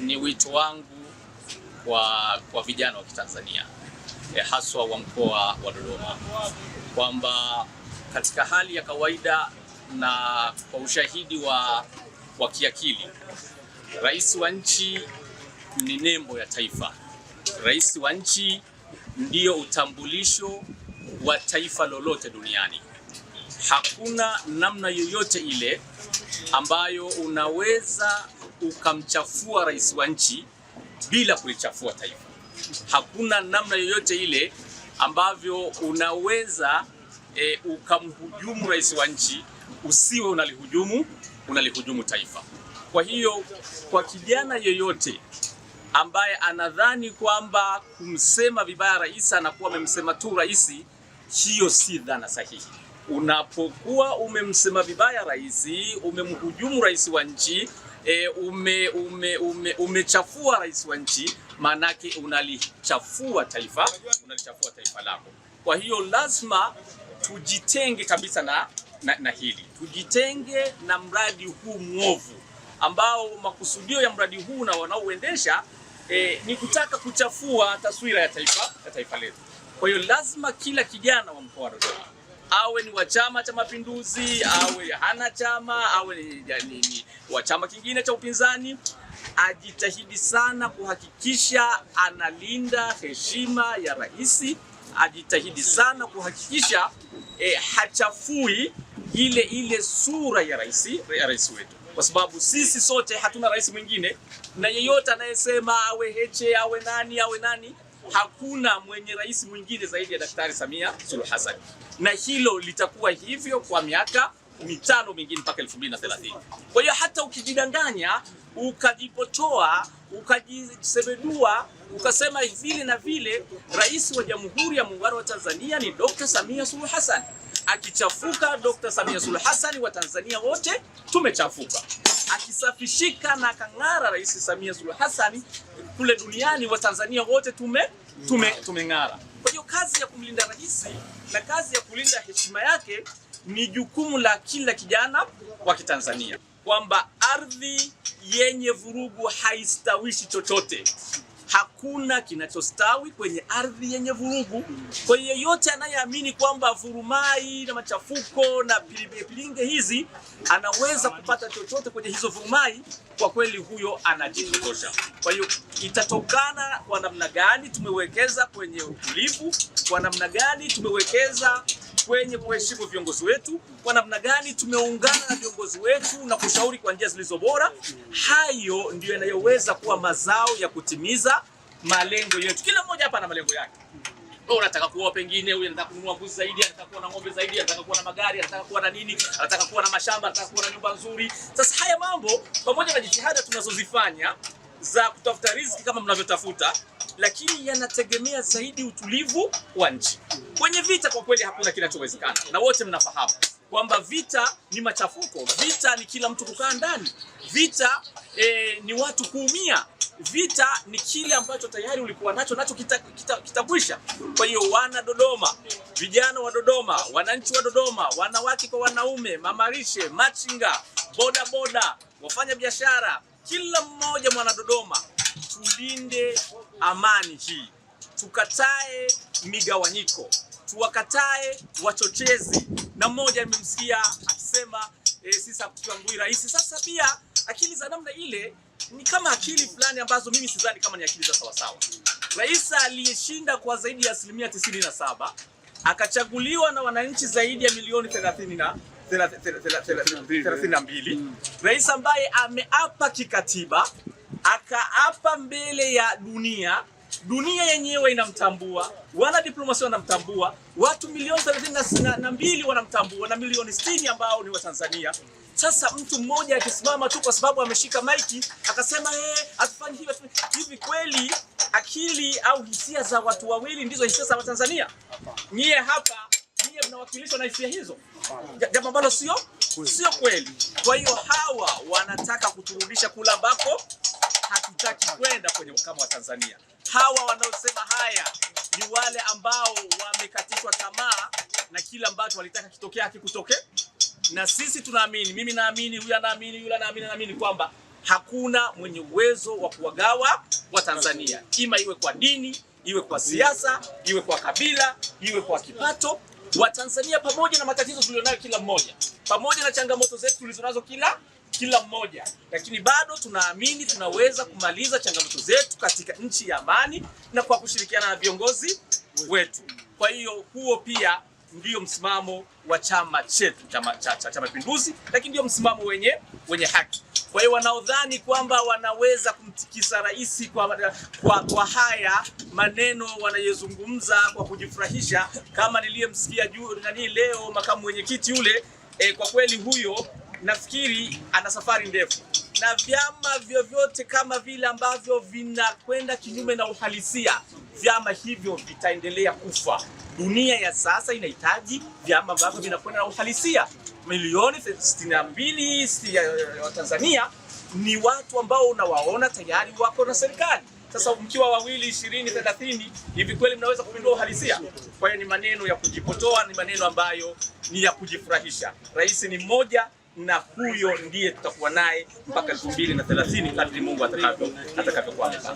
ni wito wangu kwa, kwa vijana wa Kitanzania e, haswa wa mkoa wa Dodoma kwamba katika hali ya kawaida na kwa ushahidi wa, wa kiakili, rais wa nchi ni nembo ya taifa. Rais wa nchi ndiyo utambulisho wa taifa lolote duniani. Hakuna namna yoyote ile ambayo unaweza ukamchafua rais wa nchi bila kulichafua taifa. Hakuna namna yoyote ile ambavyo unaweza e, ukamhujumu rais wa nchi usiwe unalihujumu unalihujumu taifa. Kwa hiyo kwa kijana yoyote ambaye anadhani kwamba kumsema vibaya rais anakuwa amemsema tu rais, hiyo si dhana sahihi. Unapokuwa umemsema vibaya rais, umemhujumu rais wa nchi e, umechafua ume, ume, umechafua rais wa nchi, maanake unalichafua taifa, unalichafua taifa lako. Kwa hiyo lazima tujitenge kabisa na, na, na hili tujitenge na mradi huu mwovu ambao makusudio ya mradi huu na wanaouendesha e, ni kutaka kuchafua taswira ya taifa, ya taifa letu. Kwa hiyo lazima kila kijana wa mkoa wa Dodoma awe ni wa Chama cha Mapinduzi, awe hana chama, awe ni, ni wa chama kingine cha upinzani, ajitahidi sana kuhakikisha analinda heshima ya rais, ajitahidi sana kuhakikisha e, hachafui ile ile sura ya rais ya rais wetu, kwa sababu sisi sote hatuna rais mwingine, na yeyote anayesema awe Heche awe nani awe nani hakuna mwenye rais mwingine zaidi ya Daktari Samia Suluhu Hassan, na hilo litakuwa hivyo kwa miaka mitano mingine mpaka 2030. Kwa hiyo hata ukijidanganya ukajipotoa ukajisemedua ukasema vile na vile, rais wa Jamhuri ya Muungano wa Tanzania ni Dr. Samia Suluhu Hassan. Akichafuka Dr. Samia Suluhu Hassan, wa Tanzania wote tumechafuka akisafishika na akang'ara Rais Samia Suluhu Hassan kule duniani, Watanzania wote tume tumeng'ara. Kwa hiyo kazi ya kumlinda rais na kazi ya kulinda heshima yake ni jukumu la kila kijana wa Kitanzania, kwamba ardhi yenye vurugu haistawishi chochote hakuna kinachostawi kwenye ardhi yenye vurugu. Kwa hiyo yeyote anayeamini kwamba vurumai na machafuko na pilinge hizi anaweza kupata chochote kwenye hizo vurumai, kwa kweli huyo anajitosha. Kwa hiyo itatokana kwa namna gani tumewekeza kwenye utulivu, kwa namna gani tumewekeza kwenye kuheshimu viongozi wetu, kwa namna gani tumeungana na viongozi wetu na kushauri kwa njia zilizo bora. Hayo ndio yanayoweza kuwa mazao ya kutimiza malengo yetu. Kila mmoja hapa ana malengo yake. Wewe unataka kuoa, pengine wewe unataka kununua mbuzi zaidi, anataka kuwa na ng'ombe zaidi, anataka kuwa na magari, anataka kuwa na nini, anataka kuwa na mashamba, anataka kuwa na nyumba nzuri. Sasa haya mambo pamoja na jitihada tunazozifanya za kutafuta riziki kama mnavyotafuta lakini yanategemea zaidi utulivu wa nchi. Kwenye vita kwa kweli hakuna kinachowezekana, na wote mnafahamu kwamba vita ni machafuko, vita ni kila mtu kukaa ndani, vita e, ni watu kuumia vita ni kile ambacho tayari ulikuwa nacho nacho kitakwisha kita, kita. Kwa hiyo wana Dodoma, vijana wa Dodoma, wananchi wa Dodoma, wanawake kwa wanaume, mamarishe machinga, bodaboda, wafanya biashara, kila mmoja mwana Dodoma, tulinde amani hii, tukatae migawanyiko, tuwakatae wachochezi. Na mmoja nimemsikia akisema e, sisi hatutambui rais. Sasa pia akili za namna ile ni kama akili fulani ambazo mimi sidhani kama ni akili za sawasawa. Rais aliyeshinda kwa zaidi ya asilimia 97 akachaguliwa na wananchi zaidi ya milioni 30 na mbili, rais ambaye ameapa kikatiba akaapa mbele ya dunia dunia yenyewe inamtambua, wana diplomasia wanamtambua, watu milioni thelathini na mbili wanamtambua na milioni sitini ambao ni Watanzania. Sasa mtu mmoja akisimama tu kwa sababu ameshika maiki akasema hey, eh, hatufanyi hivi hivi, kweli akili au hisia za watu wawili ndizo hisia za Watanzania? Nyie hapa nyie mnawakilishwa na hisia hizo, jambo ambalo sio sio kweli. Kwa hiyo hawa wanataka kuturudisha kula ambako kwenda kwenye ukama wa Tanzania. Hawa wanaosema haya ni wale ambao wamekatishwa tamaa na kila ambacho walitaka kitokee hakikutoke, na sisi tunaamini, mimi naamini, huyu anaamini, yule anaamini, naamini kwamba hakuna mwenye uwezo wa kuwagawa wa Tanzania, ima iwe kwa dini, iwe kwa siasa, iwe kwa kabila, iwe kwa kipato. Watanzania pamoja na matatizo tulionayo kila mmoja, pamoja na changamoto zetu tulizonazo kila kila mmoja, lakini bado tunaamini tunaweza kumaliza changamoto zetu katika nchi ya amani na kwa kushirikiana na viongozi wetu. Kwa hiyo huo pia ndiyo msimamo wa chama chetu chama cha Mapinduzi, lakini ndio msimamo wenye, wenye haki. Kwa hiyo wanaodhani kwamba wanaweza kumtikisa rais kwa, kwa, kwa haya maneno wanayozungumza kwa kujifurahisha, kama niliyemsikia juu nani leo makamu mwenyekiti yule e, kwa kweli huyo nafikiri ana safari ndefu, na vyama vyovyote kama vile ambavyo vinakwenda kinyume na uhalisia, vyama hivyo vitaendelea kufa. Dunia ya sasa inahitaji vyama ambavyo vinakwenda na uhalisia. Milioni 62 ya Tanzania ni watu ambao unawaona tayari wako na serikali. Sasa mkiwa wawili, ishirini, thelathini, hivi kweli mnaweza kupindua uhalisia? Kwa hiyo ni maneno ya kujipotoa, ni maneno ambayo ni ya kujifurahisha. Rais ni mmoja na huyo ndiye tutakuwa naye mpaka 2030 kadri Mungu atakavyo atakavyokuwa.